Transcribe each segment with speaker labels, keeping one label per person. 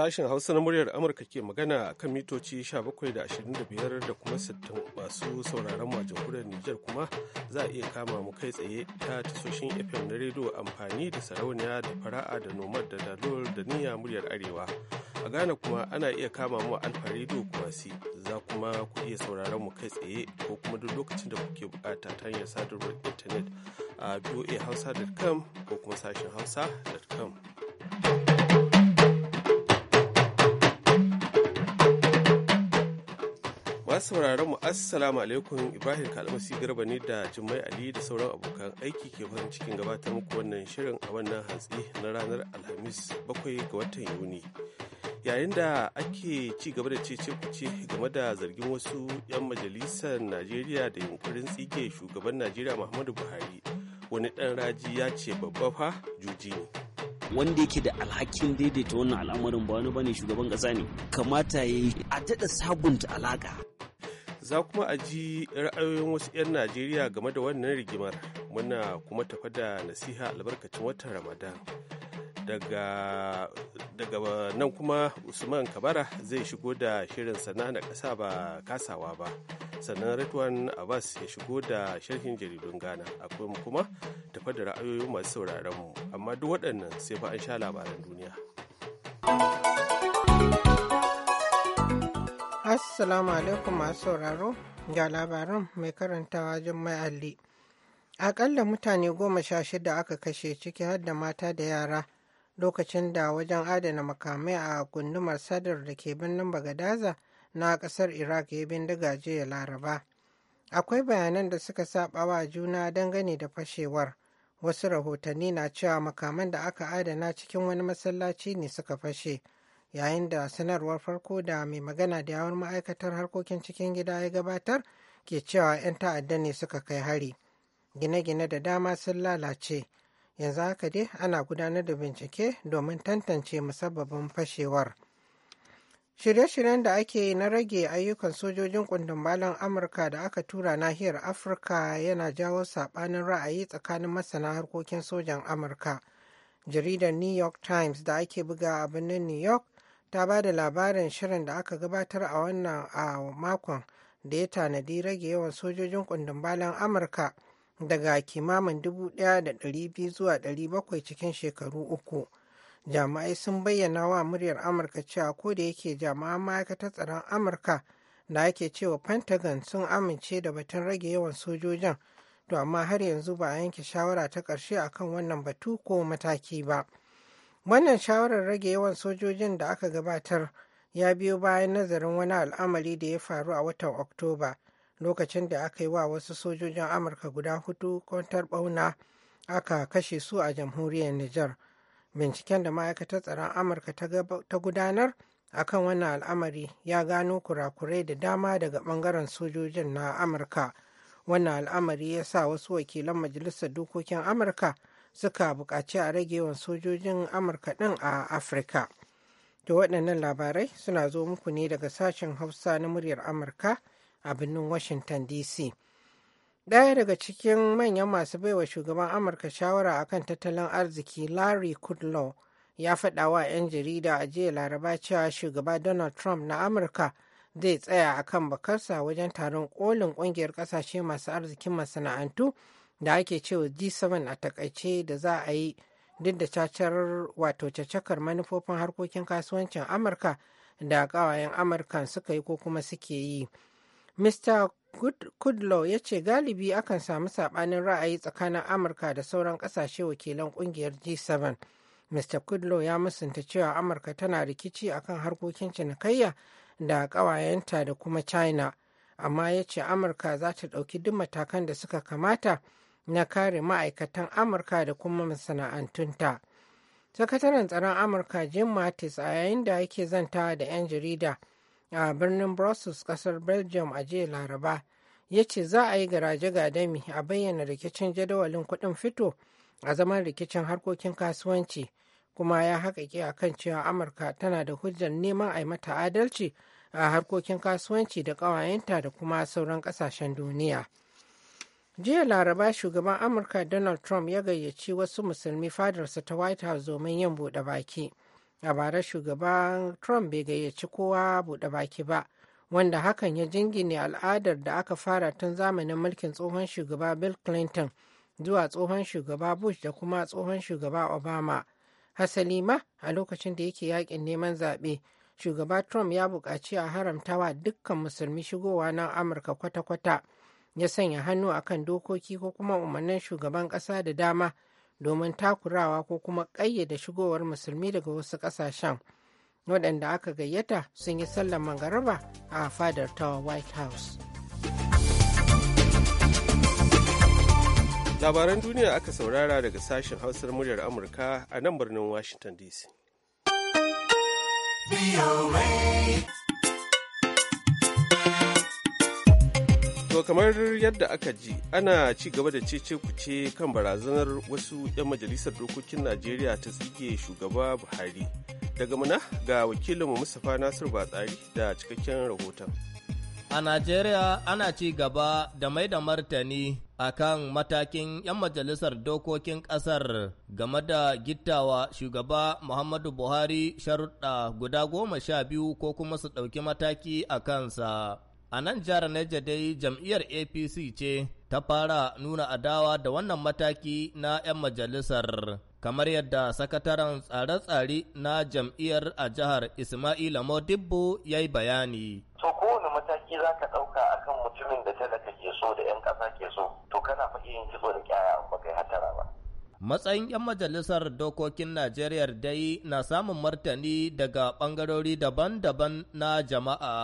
Speaker 1: Sashen Hausa na muryar Amurka ke magana a kan mitoci 17.25 da kuma 60 masu sauraron mu a jamhuriyar Nijar kuma za a iya kama mu kai tsaye ta tasoshin FM na rediyo amfani da sarauniya da fara'a da nomad da dalol da niyya muryar Arewa. A Ghana kuma ana iya kama mu Alfa Radio kuma si za kuma ku iya sauraron mu kai tsaye ko kuma duk lokacin da kuke bukata ta hanyar sadarwar intanet a voahausa.com ko kuma sashen hausa.com. Masu sauraron mu assalamu alaikum Ibrahim Kalmasi Garba ne da Jummai Ali da sauran abokan aiki ke farin cikin gabatar muku wannan shirin a wannan hatsi na ranar Alhamis bakwai ga watan Yuni. Yayin da ake ci gaba da cece kuce game da zargin wasu 'yan majalisar Najeriya da yunkurin tsige shugaban Najeriya Muhammadu Buhari wani ɗan raji ya ce babba fa juji ne.
Speaker 2: wanda yake da alhakin daidaita wannan al'amarin ba wani bane shugaban kasa ne kamata ya yi a daɗa sabunta alaƙa
Speaker 1: za kuma a ji ra'ayoyin wasu 'yan najeriya game da wannan rigimar muna kuma tafa da nasiha albarkacin watan ramadan daga nan kuma usman kabara zai shigo da shirin sana na ƙasa ba kasawa ba sannan ritwan abbas ya shigo da sharhin jaridun ghana akwai kuma tafa da ra'ayoyin masu sauraron mu amma duk waɗannan sai fa an sha labaran duniya
Speaker 3: Assalamu alaikum masu sauraro ga labarin mai karantawa Jummai Ali. Akalla mutane goma sha shida aka kashe ciki har da mata da yara lokacin da wajen adana makamai a gundumar sadar da ke birnin Bagadaza na kasar Iraq ya bindiga jiya Laraba. Akwai bayanan da suka saba wa juna dangane da fashewar. Wasu rahotanni na cewa makaman da aka adana cikin wani masallaci ne suka fashe. yayin da sanarwar farko da mai magana da yawon ma'aikatar harkokin cikin gida ya gabatar ke cewa 'yan ta'adda ne suka kai hari gine-gine da dama sun lalace yanzu haka dai ana gudanar da bincike domin tantance musabbabin fashewar shirye-shiryen da ake yi na rage ayyukan sojojin kundin amurka da aka tura nahiyar afirka yana jawo saɓanin ra'ayi tsakanin masana harkokin sojan amurka jaridar new york times da ake buga a birnin new york ta ba da labarin shirin da aka gabatar a wannan a makon da ya tanadi rage yawan sojojin kundin balan amurka daga kimamin 1,200 zuwa 700 cikin shekaru uku jami'ai sun bayyana wa muryar amurka cewa ko da yake jami'an ma'aikatar tsaron amurka da ake cewa pentagon sun amince da batun rage yawan sojojin to amma har yanzu ba a yanke shawara ta ƙarshe akan wannan batu ko mataki ba. Wannan shawarar rage yawan sojojin da aka gabatar ya biyo bayan nazarin wani al'amari da ya faru a watan Oktoba lokacin da aka yi wa wasu sojojin Amurka guda hudu kwantar bauna aka kashe su a jamhuriyar Nijar. Binciken da ma'aikatar tsaron Amurka ta gudanar akan wannan al'amari ya gano kurakurai da dama daga bangaren sojojin na Amurka. Wannan al'amari ya sa wasu wakilan Majalisar Dokokin Amurka suka buƙaci a ragewan sojojin amurka ɗin a afirka to waɗannan labarai suna zo muku ne daga sashen hausa na muryar amurka a birnin washington dc ɗaya daga cikin manyan masu baiwa shugaban amurka shawara a kan tattalin arziki larry kudlow ya faɗa wa 'yan jarida a jiya laraba cewa shugaba donald trump na amurka zai tsaya akan bakarsa wajen taron kolin ƙungiyar ƙasashe masu arzikin masana'antu da ake cewa G7 a takaice da za a yi duk da cacar wato cacakar manufofin harkokin kasuwancin Amurka da kawayen amurka suka yi ko kuma suke yi. Mr. Kudlow ya ce galibi akan samu saɓanin ra'ayi tsakanin Amurka da sauran ƙasashe wakilan ƙungiyar G7. Mr. Kudlow ya musanta cewa Amurka tana rikici akan harkokin cinikayya da kawayenta da kuma China, amma ya ce Amurka za ta ɗauki duk matakan da suka kamata na kare ma'aikatan amurka da kuma masana'antunta sakataren tsaron amurka jim mattis a yayin da yake zanta da 'yan jarida a birnin brussels kasar belgium a jiya laraba ya ce za a yi garaje gadami a bayyana rikicin jadawalin kuɗin fito a zaman rikicin harkokin kasuwanci kuma ya haƙaƙe a kan cewa amurka tana da hujjar neman a mata adalci a harkokin kasuwanci da ƙawayenta da kuma sauran ƙasashen duniya. jiya laraba shugaban amurka donald trump ya gayyaci wasu musulmi fadarsa ta white house domin yin buɗe baki a bara shugaban trump bai gayyaci kowa buɗe baki ba wanda hakan ya jingine al'adar da aka fara tun zamanin mulkin tsohon shugaba bill clinton zuwa tsohon shugaba bush da kuma tsohon shugaba obama hasali ma a lokacin da yake yakin neman zaɓe shugaba trump ya buƙaci a haramtawa dukkan musulmi shigowa na amurka kwata-kwata ya sanya hannu a kan dokoki ko kuma umarnin shugaban ƙasa da dama domin takurawa ko kuma ƙayyade shigowar musulmi daga wasu ƙasashen waɗanda aka gayyata sun yi sallar magaraba a fadar ta white house
Speaker 1: labaran duniya aka saurara daga sashen hausar muryar amurka a nan birnin washington dc To kamar yadda aka ji ana ci gaba da cece kuce kan barazanar wasu 'yan majalisar dokokin Najeriya ta tsige shugaba Buhari. Daga muna ga wakilinmu Mustapha Nasir Batsari da cikakken
Speaker 4: rahoton. A Najeriya ana ci gaba da mai da martani a kan matakin 'yan majalisar dokokin ƙasar game da gittawa shugaba Muhammadu Buhari sharuɗa guda goma sha biyu ko kuma su ɗauki mataki a kansa. A nan jihar Neja dai jam'iyyar APC ce ta fara nuna adawa da wannan mataki na 'yan majalisar. kamar yadda sakataren tsare-tsare na jam'iyyar a jihar Ismaila Modibbo ya yi bayani. To kowane mataki za ka ɗauka a kan
Speaker 5: mutumin da talaka ke so da 'yan ƙasa ke so, to kana
Speaker 6: fa yin kitso da kyaya ba kai hatara
Speaker 4: ba. Matsayin 'yan majalisar dokokin Najeriya dai na samun martani daga ɓangarori daban-daban na jama'a.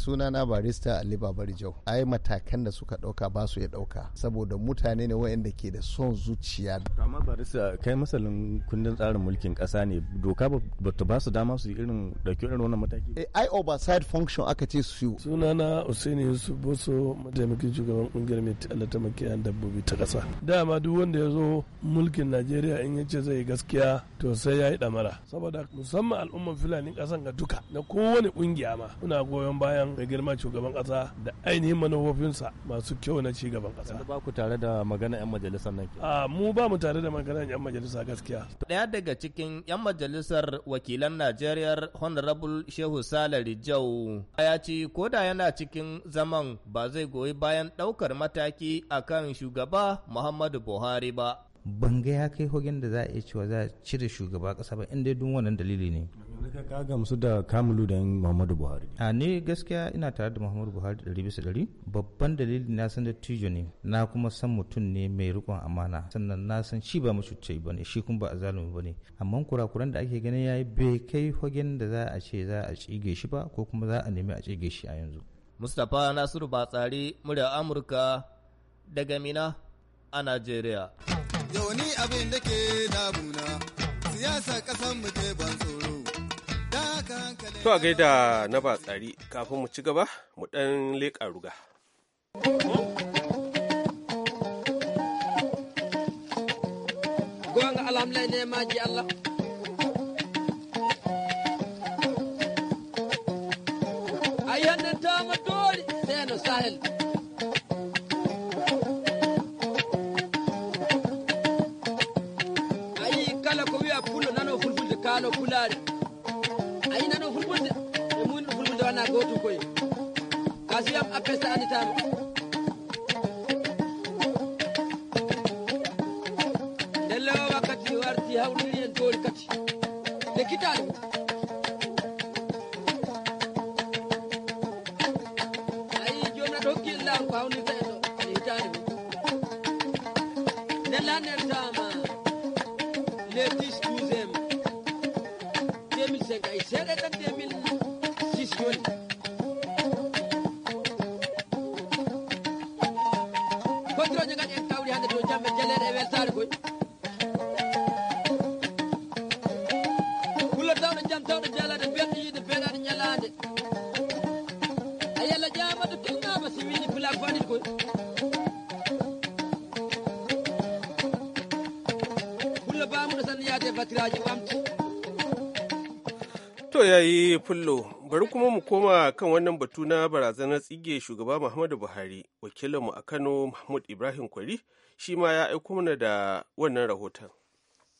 Speaker 2: sunana barista ali Jau. ai matakan da suka dauka ba su ya dauka saboda mutane ne waɗanda ke da son zuciya
Speaker 4: amma barista kai masalin kundin tsarin mulkin ƙasa ne doka ba ta ba su dama su irin dauki irin wannan mataki eh,
Speaker 1: ai oversight function aka ce su sunana usaini yusuf boso mataimakin shugaban kungiyar mai tallata makiyayan dabbobi ta ƙasa dama duk wanda ya zo mulkin najeriya in ya ce zai yi gaskiya to sai
Speaker 7: ya yi damara saboda musamman al'umman Fulani ƙasan ga duka na kowane kungiya ma muna goyon bayan
Speaker 4: taron mai girma shugaban kasa da ainihin manufofinsa masu kyau na ci gaban kasa. ba ku tare da magana 'yan majalisar nan a mu ba mu tare da magana 'yan majalisa gaskiya. daya daga cikin 'yan majalisar wakilan najeriya honorable shehu salari jau ya ce ko da yana cikin zaman ba zai goyi bayan daukar mataki akan shugaba muhammadu buhari ba.
Speaker 1: ban ga ya kai hogin da za a iya cewa za a cire shugaba kasa ba inda dun wannan dalili ne Duka ka gamsu da kamulu da Muhammadu Buhari. A ne gaskiya ina tare da Muhammadu Buhari ɗari bisa ɗari. Babban dalili na san da tijo ne, na kuma san mutum ne mai riƙon amana. Sannan na san shi ba ce ba ne, shi kuma ba a zalumi ba ne. Amma kurakuran da ake ganin ya yi bai kai fagen da za a ce za a cige shi ba ko kuma za a nemi a cige shi
Speaker 4: a yanzu. Mustapha Nasiru Batsari, murya Amurka daga Mina a Najeriya. Yau ni abin da ke damuna, siyasa ƙasar mu ke ban tsoro.
Speaker 1: To a gaida na ba tsari kafin mu ci gaba mu ɗan leƙa ruga.
Speaker 5: Gonga alhamdulillah ne ma ji Allah. Ayyan da ta matori sai na sahil. am a pesa anitano ndello wakkati jalere e weltare koy kulla tawɗo jam tawɗo jalade belɗo yiide beeɗaɗo ñalade a yalla jamado tilnama si wini pilak faɗit koy kulla bamuɗo tan yaade batiraji wamti
Speaker 1: to yayi pullo bari kuma mu koma kan wannan batu na barazanar tsige shugaba muhammadu buhari wakilinmu a kano mahmud ibrahim kwari shi ma ya aiko mana da wannan rahoton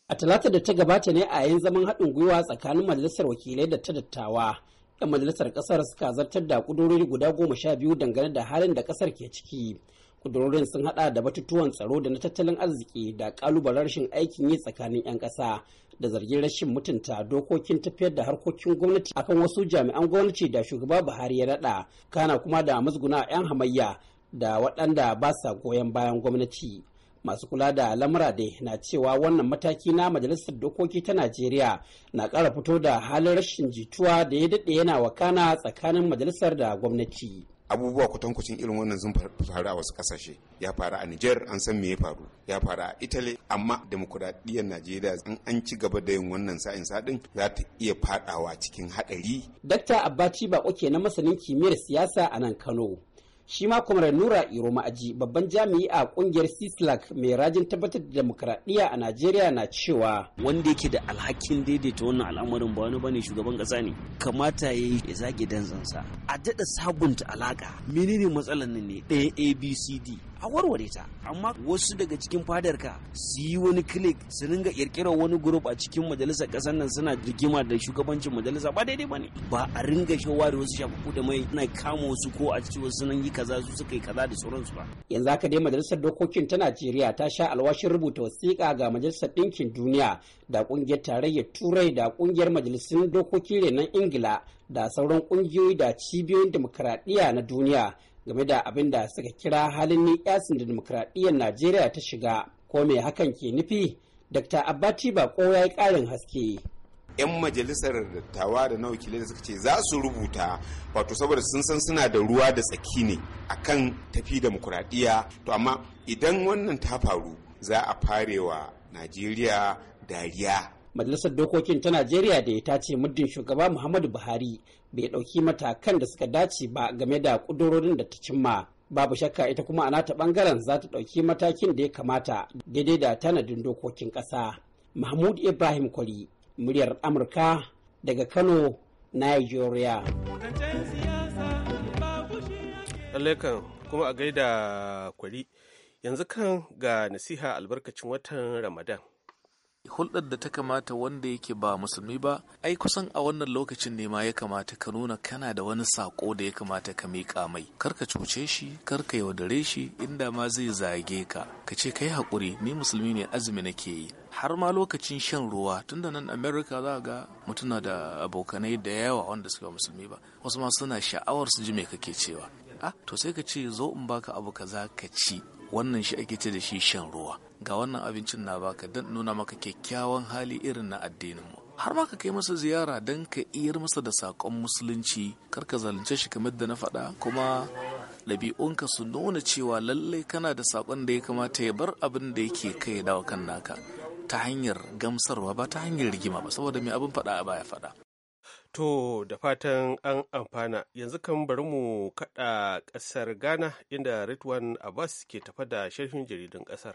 Speaker 2: a talata da ta gabata ne a yayin zaman haɗin gwiwa tsakanin majalisar wakilai da ta dattawa yan majalisar ƙasar suka zartar da ƙudurori guda goma sha biyu dangane da halin da ƙasar ke ciki kudurorin sun hada da batutuwan tsaro da na tattalin arziki da kalubar rashin aikin yi tsakanin 'yan ƙasa da zargin rashin mutunta dokokin tafiyar da harkokin gwamnati akan wasu jami'an gwamnati da shugaba buhari ya nada kana kuma da musguna 'yan hamayya da waɗanda ba sa goyon bayan gwamnati masu kula da lamura dai na cewa wannan mataki na majalisar dokoki ta najeriya na ƙara fito da halin rashin jituwa da ya daɗe yana wakana tsakanin majalisar da
Speaker 8: gwamnati abubuwa kwatankwacin irin wannan sun faru a wasu kasashe ya faru a niger an san me ya faru ya faru a italy amma demokuraɗiyyar najeriya in an ci gaba da yin wannan sa'in sadin za ta iya fadawa cikin haɗari.
Speaker 2: dr abba ciba kenan masanin kimiyyar siyasa a nan kano shi ma kwamrar nura iro ma'aji babban jami'i a kungiyar sislak mai rajin tabbatar da demokuraɗiyya a najeriya na cewa wanda yake da alhakin daidaita wannan al'amarin ba wani ba ne shugaban ƙasa ne kamata ya yi ya zage danzansa a daɗa sabunta alaƙa, menene matsalar nan ne ɗaya abcd a warware ta amma wasu daga cikin fadar ka su yi wani klik su ringa kirkirar wani group a cikin majalisar kasar nan suna rigima da shugabancin majalisa ba daidai bane ba a ringa shawari wasu shafuku da mai na kama wasu ko a cikin wasu nan yi kaza su suka yi kaza da sauransu ba yanzu haka dai majalisar dokokin ta Najeriya ta sha alwashin rubuta wasiƙa ga majalisar ɗinkin duniya da ƙungiyar tarayyar turai da ƙungiyar majalisun dokoki renon ingila da sauran ƙungiyoyi da cibiyoyin dimokuraɗiyya na duniya game da abin da suka kira halin ni yasin da demokradiyyar najeriya ta shiga ko me hakan ke nufi dr abbati bako ya yi ƙarin haske
Speaker 8: 'yan majalisar dattawa da nawa wakilai da suka ce za su rubuta wato saboda sun san suna da ruwa da tsaki ne a kan tafi demokuraɗiyya to amma idan wannan ta faru za a farewa najeriya dariya majalisar dokokin
Speaker 2: ta najeriya da ta ce muddin shugaba muhammadu buhari bai ɗauki matakan da suka dace ba game da ƙudurorin da ta cimma babu shakka ita kuma a nata bangaren za ta ɗauki matakin da ya kamata daidai da tanadin dokokin ƙasa mahmud ibrahim kwari muryar amurka daga kano nigeria
Speaker 1: lalekan kuma a gaida kwari yanzu kan
Speaker 7: ga nasiha albarkacin watan ramadan hulɗar da ta kamata wanda yake ba musulmi ba ai kusan a wannan lokacin ne ma ya kamata ka nuna kana da wani sako da ya kamata ka miƙa mai Kar ka cuce shi karka yaudare shi inda ma zai zage ka ka ce kai haƙuri ni musulmi ne azumi nake yi har ma lokacin shan ruwa tunda nan america za ga mutuna da abokanai da yawa wanda suke musulmi ba wasu ma suna sha'awar su ji me kake cewa ah to sai ka ce zo in baka abu kaza ka ci wannan shi ake ce da shi shan ruwa ga wannan abincin na baka don nuna maka kyakkyawan hali irin na addininmu har ma ka kai masa ziyara don ka iyar masa da saƙon musulunci kar ka zalunce shi kamar da na faɗa kuma ɗabi'unka su nuna cewa lallai kana da saƙon da ya kamata ya bar abin da yake kai ya dawo kan naka ta hanyar gamsarwa ba ta hanyar rigima ba saboda mai abin faɗa a baya faɗa
Speaker 1: To da fatan an amfana yanzu kan bari mu kaɗa ƙasar Ghana inda Ritwan Abbas ke tafa da sharhin jaridun ƙasar.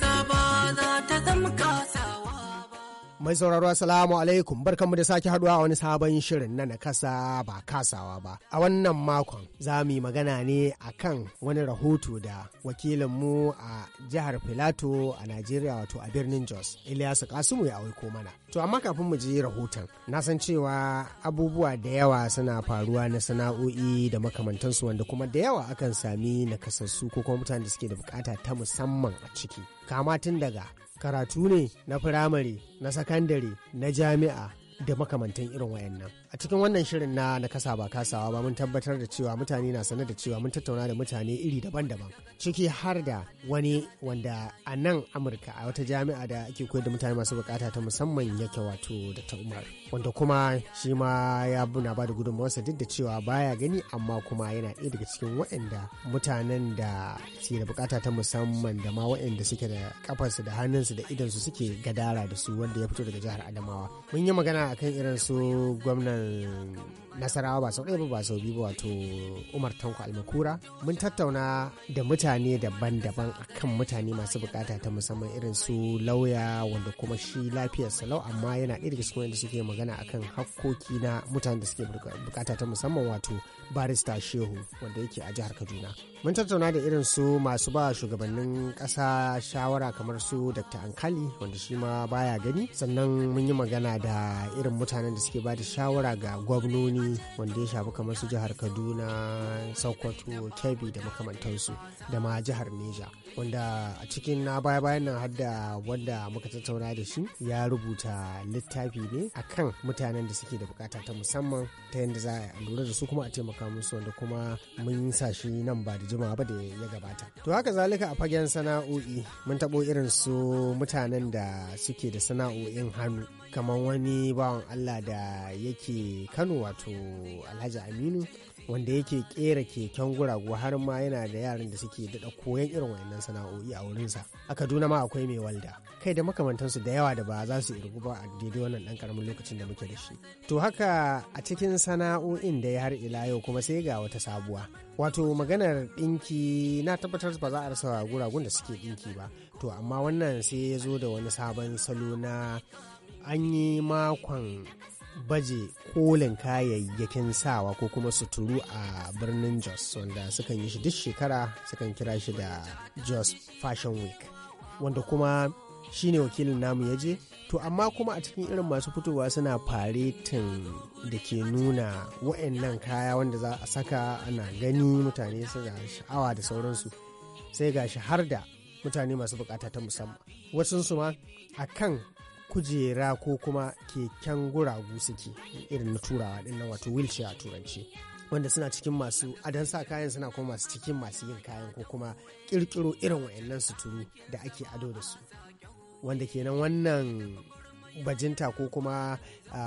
Speaker 9: Mai sauraro Assalamu alaikum barkanmu da sake haduwa a wani sabon shirin na nakasa ba kasawa ba. A wannan makon za mu yi magana ne a kan wani rahoto da wakilinmu a jihar Filato a Najeriya wato a birnin Jos Ilyasu Kasimu ya aiko mana. To amma kafin mu ji rahoton na san cewa abubuwa da yawa suna faruwa na sana'o'i da makamantansu wanda kuma da yawa akan sami nakasassu ko kuma mutanen da suke da bukata ta musamman a ciki. Kama tun daga karatu ne na firamare na sakandare na jami'a da makamantan irin wayannan a cikin wannan shirin na na kasa ba kasawa ba mun tabbatar da cewa mutane na sanar da cewa mun tattauna da mutane iri daban-daban ciki har da wani wanda a nan amurka a wata jami'a da ake koyar da mutane masu bukata ta musamman yake wato da ta umar wanda kuma shi ma ya buna ba da gudunmawarsa duk da cewa baya gani amma kuma yana ɗaya daga cikin waɗanda mutanen da ke da bukata ta musamman da ma waɗanda suke da kafarsu da hannunsu da idansu suke gadara da su wanda ya fito daga jihar adamawa mun yi magana akan irin su gwamnan nasarawa ba sau ba ba sau biyu ba wato umar tanko almakura mun tattauna da mutane daban-daban akan mutane masu bukata ta musamman irin su lauya wanda kuma shi lafiyar salau amma yana ɗaya daga cikin wanda suke magana akan hakkoki na mutane da suke bukata ta musamman wato barista shehu wanda yake a jihar kaduna mun tattauna da irin su masu ba shugabannin ƙasa shawara kamar su dr ankali wanda shi ma baya gani sannan mun yi magana da irin mutanen da suke ba da shawara ga gwamnoni jihohi wanda ya shafi kamar su jihar kaduna sokoto kebbi da makamantansu da ma jihar neja wanda a cikin na baya bayan nan hadda wanda muka tattauna da shi ya rubuta littafi ne akan mutanen da suke da bukata ta musamman ta yadda za a lura da su kuma a taimaka musu wanda kuma mun sa shi nan ba da jimawa ba da ya gabata to haka zalika a fagen sana'o'i mun taɓo irin su mutanen da suke da sana'o'in hannu kamar wani bawan allah da yake kano wato alhaji aminu wanda yake kera keken guragu har ma yana da yaran da suke daɗa koyon irin wayannan sana'o'i a wurinsa a kaduna ma akwai mai walda kai da makamantansu da yawa da ba za su irgu ba a daidai wannan dan karamin lokacin da muke da shi to haka a cikin sana'o'in da ya har ila yau kuma sai ga wata sabuwa wato maganar ɗinki na tabbatar ba za a rasa guragun da suke ɗinki ba to amma wannan sai ya zo da wani sabon salo na an yi makon baje kolin kayayyakin sawa ko kuma suturu a birnin Jos wanda sukan yi shi duk shekara sukan kira shi da Jos Fashion Week wanda kuma shine wakilin namu ya je to amma kuma a cikin irin masu fitowa suna faretin da ke nuna wa'annan kaya wanda za a saka ana gani mutane suna sha'awa da sauransu sai ga shi har da mutane masu bukata ta musamman wasu su ma a kan kujera ko kuma keken guragu suke irin na turawa din nan wato wheelchair a turanci wanda suna cikin masu adan sa kayan suna kuma masu cikin masu yin kayan ko kuma kirkiro irin wayannan suturu da ake ado da su wanda kenan wannan bajinta ko kuma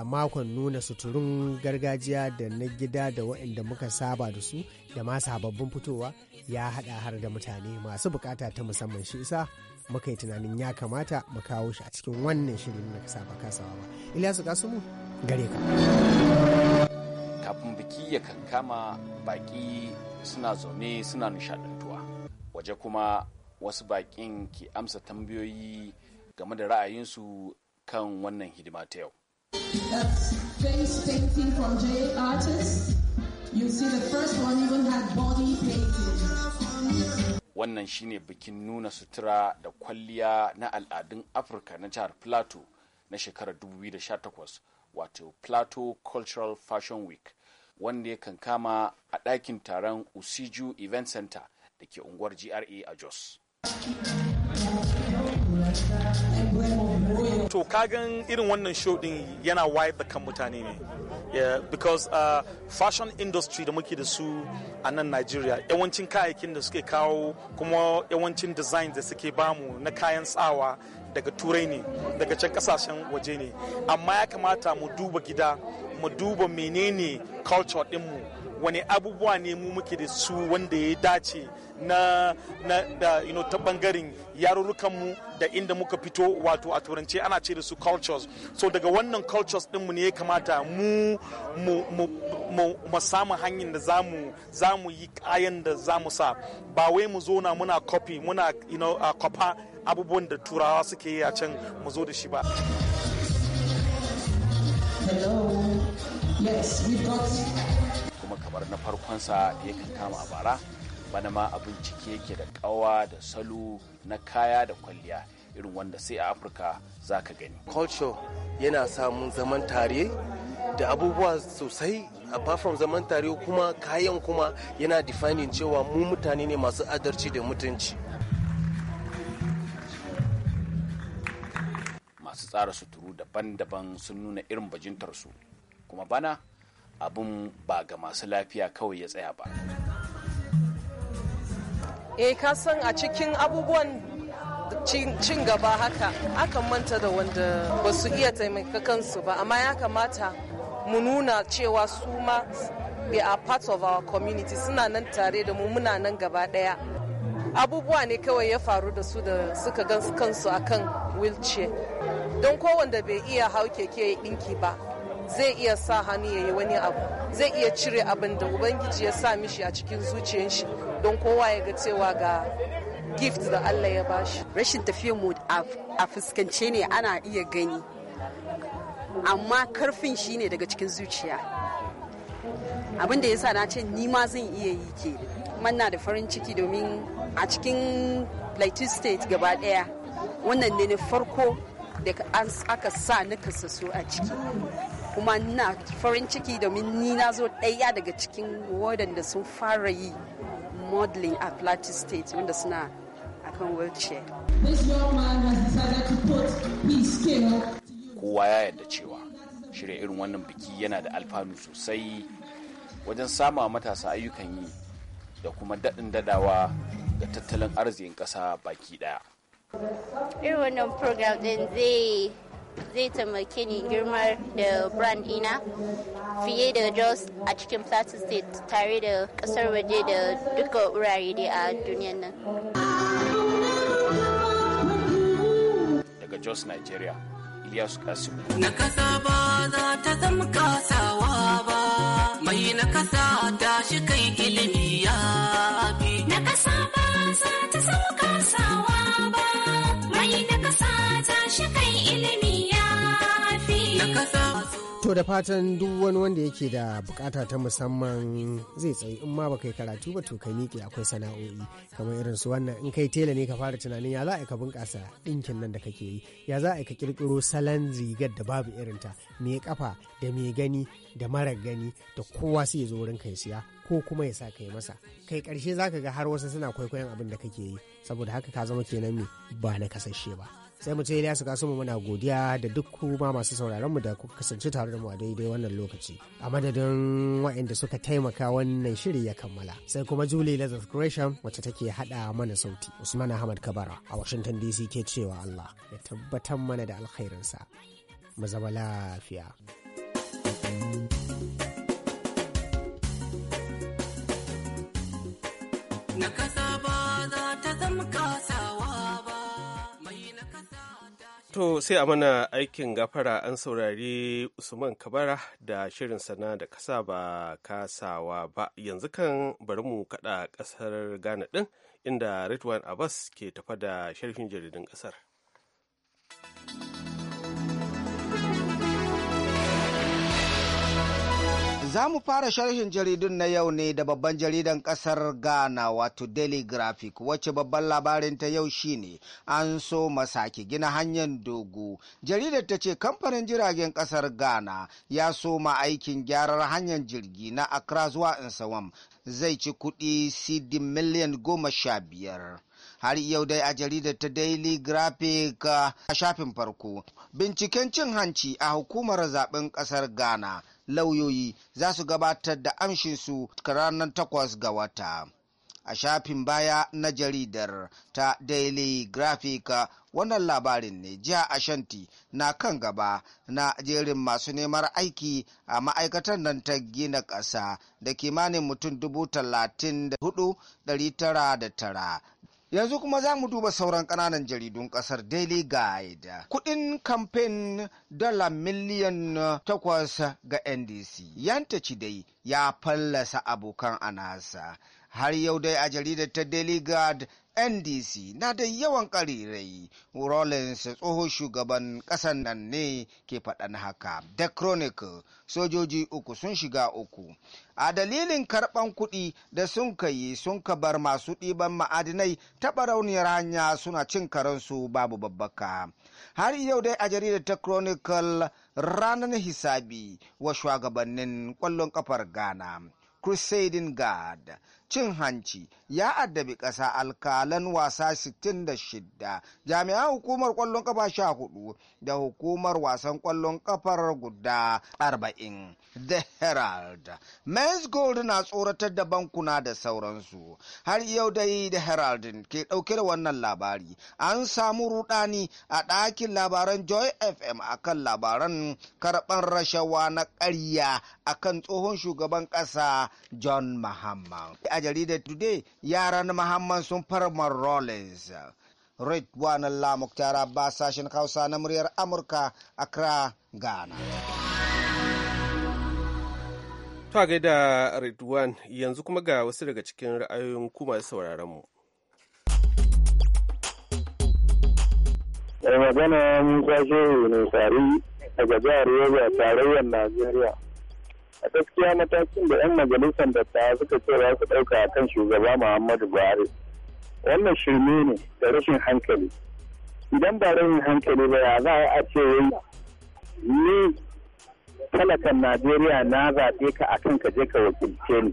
Speaker 9: makon nuna suturun gargajiya da na gida da waɗanda muka saba da su da ma sababbin fitowa ya haɗa har da mutane masu bukata ta musamman shi isa muka yi tunanin ya kamata mu kawo shi a cikin wannan shirin na kasa ba kasawa ba ilyasu kasumu gare ka kafin biki
Speaker 7: ya kankama baki suna zaune suna nishadantuwa waje kuma wasu bakin ke amsa tambayoyi game da ra'ayinsu kan wannan hidima ta yau
Speaker 5: You see, the first one even had body
Speaker 7: wannan shine bikin nuna sutura da kwalliya na al'adun afirka na jihar plateau na shekarar 2018 wato plateau cultural fashion week wanda ya kankama a ɗakin taron usiju event center da ke unguwar gra a jos to kagan irin wannan show din yana wayar da kan mutane ne because uh, fashion industry da muke da su a nan Nigeria yawancin kayayyakin da suke kawo kuma yawancin design da suke bamu na kayan tsawa daga turai ne daga can kasashen waje ne amma ya kamata mu duba gida mu duba menene culture dinmu wani abubuwa ne mu muke da su wanda ya dace na, na da you know, ta bangaren yarurrukanmu da inda muka fito wato a turance ana ce da su cultures so daga wannan cultures dinmu ne ya kamata mu mu mu samu hanyar da zamu zamu yi kayan da zamu sa ba wai mu zo na muna copy muna you know, uh, kopa abubuwan da turawa suke yi a can mu zo da shi ba
Speaker 3: Hello. Yes, we've got
Speaker 7: kamar na farkonsa da yakan kama a bara bana ma a bincike yake da kawa da salo na kaya da kwalliya irin wanda sai a afirka za ka gani culture yana samun zaman tare da abubuwa sosai apart from zaman
Speaker 1: tare kuma kayan kuma yana defining cewa mu mutane ne masu adalci da mutunci
Speaker 7: masu tsara suturu daban-daban sun nuna irin bajintarsu kuma bana abin ba ga masu lafiya kawai ya tsaya ba
Speaker 5: E, ka san a cikin abubuwan cin gaba haka aka manta da wanda ba su iya taimaka kansu ba amma ya kamata mu nuna cewa su ma they are part of our community suna nan tare da mu muna nan gaba daya abubuwa ne kawai ya faru da su da suka gan kansu akan wheelchair don kowanda bai iya hau keke ya dinki ba zai iya sa hannu ya yi wani abu zai iya cire abin da ubangiji ya sa mishi a cikin zuciyar don kowa ya ga cewa ga gift da Allah ya bashi rashin tafiyar mu a fuskance ne ana iya gani
Speaker 2: amma karfin shi ne daga cikin zuciya abin da ya sa na ce ni ma zan iya yi ke manna da farin ciki domin a cikin plateau state gaba daya wannan ne na farko da aka sa na kasaso a ciki kuma na farin ciki domin ni na zo ɗaya daga cikin waɗanda sun fara yi modeling a plateau state wanda suna akan wheelchair
Speaker 7: kowa ya yarda cewa shirya irin wannan biki yana da alfanu sosai wajen sama matasa ayyukan yi da kuma daɗin daɗawa ga tattalin arzikin ƙasa baki ɗaya.
Speaker 5: irin wannan program ɗin zai zai taimake ni girmar da brand ina fiye da jos a cikin plateau state tare da kasar waje da duka wurare dai a duniyan nan
Speaker 7: daga jos nigeria Ilyasu Kasimu.
Speaker 5: Na kasa ba za ta zama kasawa ba, mai na kasa ta shi kai
Speaker 9: To da fatan duk wani wanda yake da bukata ta musamman zai tsayi in ma baka yi karatu ba to ka miƙe akwai sana'o'i kamar irin su wannan in kai tela ne ka fara tunanin ya za a ka bunƙasa ɗinkin nan da kake yi ya za a ka ƙirƙiro salon rigar da babu irin ta mai kafa da mai gani da mara gani da kowa sai ya zo wurin kai siya ko kuma ya sa kai masa kai ƙarshe zaka ga har wasu suna kwaikwayon abin da kake yi saboda haka ka zama kenan me ba na kasashe ba. sai mu ce Ilyasu mu muna godiya da duk kuma masu sauraron mu da kuka kasance tare da mu a daidai wannan lokaci a madadin waɗanda suka taimaka wannan shiri ya kammala sai kuma Julie Lazarus Gresham wacce take hada mana sauti Usman Ahmad Kabara a Washington DC ke cewa Allah ya tabbatar mana da alkhairinsa mu zama lafiya. thank you
Speaker 1: To sai a mana aikin gafara an saurari Usman Kabara da shirin sana da kasa ba kasawa ba yanzu kan bari mu kada kasar Ghana din inda Ridwan Abbas ke tafa da sharhin jaridun kasar.
Speaker 8: Za mu fara sharhin jaridun na yau ne da babban jaridan kasar Ghana wato Daily Graphic wacce babban labarin ta yau shine an so masaki gina hanyar dogo. Jaridar ta ce kamfanin jiragen kasar Ghana ya soma aikin gyarar hanyar jirgi na Accra zuwa Nsawam zai ci kuɗi CD miliyan goma sha biyar. har yau dai a jaridar ta daily graphic a shafin farko binciken cin hanci a hukumar zaben kasar ghana lauyoyi za su gabatar da amshinsu ranar takwas ga wata a shafin baya na jaridar ta daily graphic wannan labarin ne jiha ashanti na kan gaba na jerin masu neman aiki a ma'aikatar nan ta gina ƙasa da kimanin mutum dubu talatin da hudu tara da tara Yanzu kuma za mu duba sauran kananan jaridun ƙasar Daily Guide. Kuɗin kamfen dala miliyan takwas ga NDC. Yanta ci dai ya fallasa abokan anasa. har yau dai a jaridar ta daily guard ndc na da yawan karirai rollins tsohon shugaban ƙasan nan ne ke faɗan haka the chronicle sojoji uku sun shiga uku a dalilin karɓan kuɗi da sun kai sun ka bar masu ɗiban ma'adinai ta barauniyar hanya suna cin karansu babu babbaka har yau dai a jaridar ta chronicle ranar hisabi wa shugabannin ƙwallon ƙafar ghana crusading guard cin hanci ya addabi ƙasa alkalan wasa 66 jami'an hukumar ƙwallon ƙafa 14 da hukumar wasan ƙwallon ƙafar guda 40 The Herald, Men's Gold na tsoratar da bankuna da sauransu. Har yau dai The Herald ke ɗauke da wannan labari. An samu rudani a ɗakin labaran Joy FM a kan labaran karɓar rashawa na ƙarya kan tsohon shugaban ƙasa John Muhammad. A jaridar Today, yaran Muhammad sun farma Rollins. Redwan Lamuk Tara ba sashen Hausa na muryar Amurka, Accra, Ghana.
Speaker 1: To da Redwan yanzu kuma ga wasu daga cikin ra'ayoyin kuma masu sauraron mu.
Speaker 6: Mai magana mun kwashe ne tsari daga jihar Yobe tarayyar Najeriya. A gaskiya matakin da 'yan majalisar ta suka ce za su ɗauka a kan shugaba Muhammadu Buhari. Wannan shirme ne da rashin hankali. Idan ba rashin hankali ba ya za a ce ni talakan najeriya na zaɓe ka akan ka je ka wakilce ni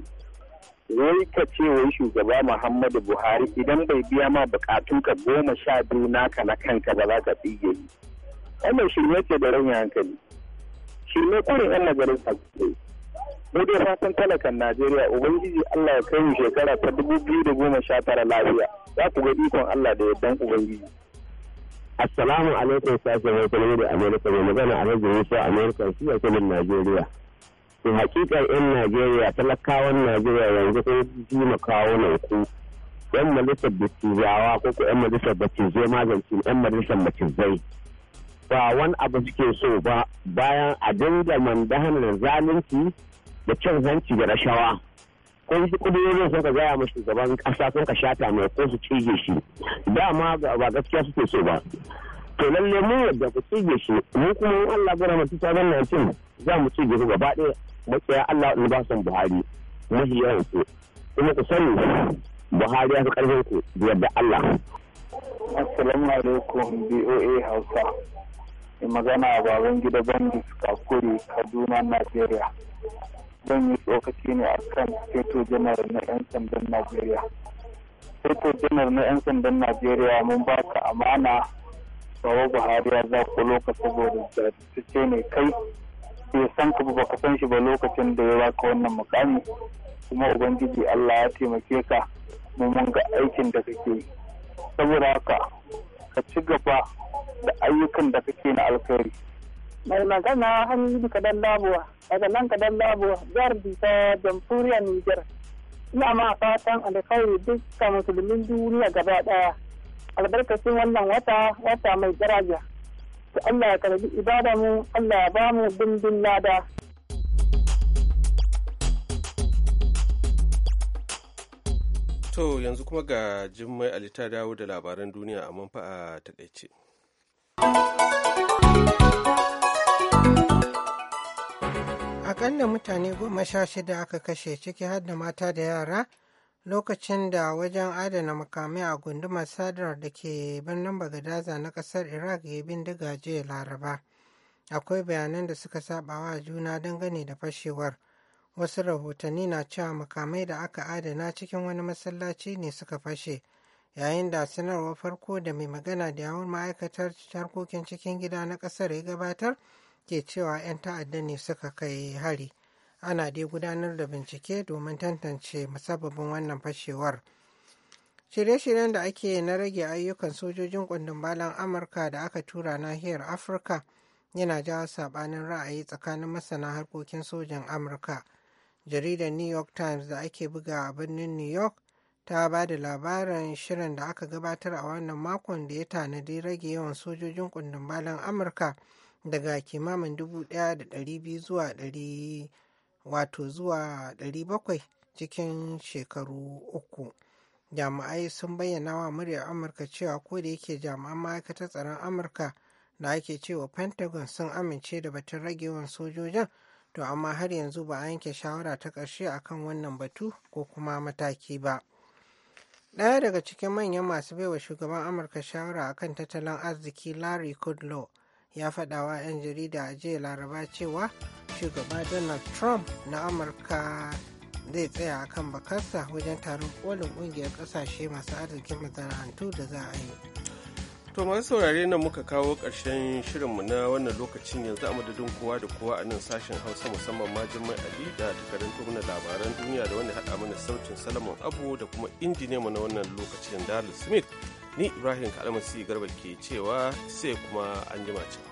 Speaker 6: wai ka ce wai shugaba muhammadu buhari idan bai biya ma bukatun ka goma sha biyu naka na kanka ba za ka tsige ni wannan shirme ce da rauni hankali shirme kurin yan majalisa ce mu dai fatan talakan najeriya ubangiji allah ya kai mu shekara ta dubu biyu da goma sha tara lafiya za ku ga ikon allah da yardan ubangiji Assalamu alaikum sashen wakilu da Amerika mai magana a rajin Musa Amerika su wakilin Najeriya. To hakikar 'yan Najeriya talakawan Najeriya yanzu sun ji makawo nan ku. Yan majalisar zawa ko ko yan majalisar zai magance yan majalisar macizai. Ba wani abu suke so ba bayan a dinga da zalunci da cin hanci da rashawa. kun shi kudurorin sun ka gaya ma shugaban kasa sun ka shata mai ko su cije shi dama ba gaskiya suke so ba to lalle mun yadda ku cije shi mu kuma in Allah gara mu 2019 za mu cije su gaba ɗaya ya Allah in ba san Buhari mafi yawan ku kuma ku sani Buhari ya fi karfin ku yadda Allah Assalamu alaikum BOA Hausa magana baban gida bandis kakuri Kaduna Najeriya zan yi tsokaci ne a kan feto janar na 'yan sandan najeriya feto janar na 'yan sandan najeriya mun ba ka amana tsawo buhari ya za ku loka saboda jajirce ne kai ya san ka ba ka san shi ba lokacin da ya baka wannan mukami kuma ubangiji allah ya taimake ka mu mun ga aikin da kake yi saboda haka ka ci gaba da ayyukan da kake na alkhairi mai magana ka kadan labuwa daga nan kadan labuwa jihar bisa jamhuriyar niger ina ma fatan alkhairi dukkan musulmin duniya gaba daya albarkacin wannan wata wata mai daraja ki allah ya karbi ibada mu allah ya ba mu bindin lada
Speaker 1: To yanzu kuma ga Jummai Ali ta dawo da labaran duniya a manfa'a takaice.
Speaker 3: akalla mutane goma sha shida aka kashe ciki har da mata da yara lokacin da wajen adana makamai a gundumar sadar da ke birnin bagadaza na ƙasar iraq ya bindiga jiya laraba akwai bayanan da suka sabawa juna dangane da fashewar wasu rahotanni na cewa makamai da aka adana cikin wani masallaci ne suka fashe yayin da sanarwar farko da mai magana da yawon ma'aikatar harkokin cikin gida na ƙasar ya gabatar ke cewa 'yan ta'adda ne suka kai hari ana dai gudanar da bincike domin tantance musabbabin wannan fashewar shirye-shiryen da ake na rage ayyukan sojojin kundin balan amurka da aka tura nahiyar afirka yana jawo sabanin ra'ayi tsakanin masana harkokin sojan amurka jaridar new york times da ake buga a birnin new york ta ba da labarin shirin da aka gabatar a wannan makon da ya tanadi rage yawan sojojin kundin balan amurka daga kimamin 1,200 zuwa 100 wato zuwa 700 cikin shekaru uku. jami'ai sun bayyana wa muryar amurka cewa ko da yake jami'an ma'aikatar tsaron amurka da ake cewa pentagon sun amince da batun ragewan sojojin to amma har yanzu ba a yanke shawara ta ƙarshe kan wannan batu ko kuma mataki ba ɗaya daga cikin manyan masu baiwa shugaban amurka shawara akan tattalin arziki larry kudlow ya faɗa 'yan jarida a jiya laraba cewa shugaba donald trump na amurka zai tsaya a kan bakarsa wajen taron kolin ƙungiyar kasashe masu arzikin masana'antu da za a yi
Speaker 1: to masu saurare nan muka kawo ƙarshen shirinmu na wannan lokacin yanzu a madadin kowa da kowa a nan sashen hausa musamman ma jimai ali da takarantun tumuna labaran duniya da wanda haɗa mana sautin salamun abu da kuma injiniyanmu na wannan lokacin darul smith ni ibrahim kalmasi garba ke cewa sai kuma an jima can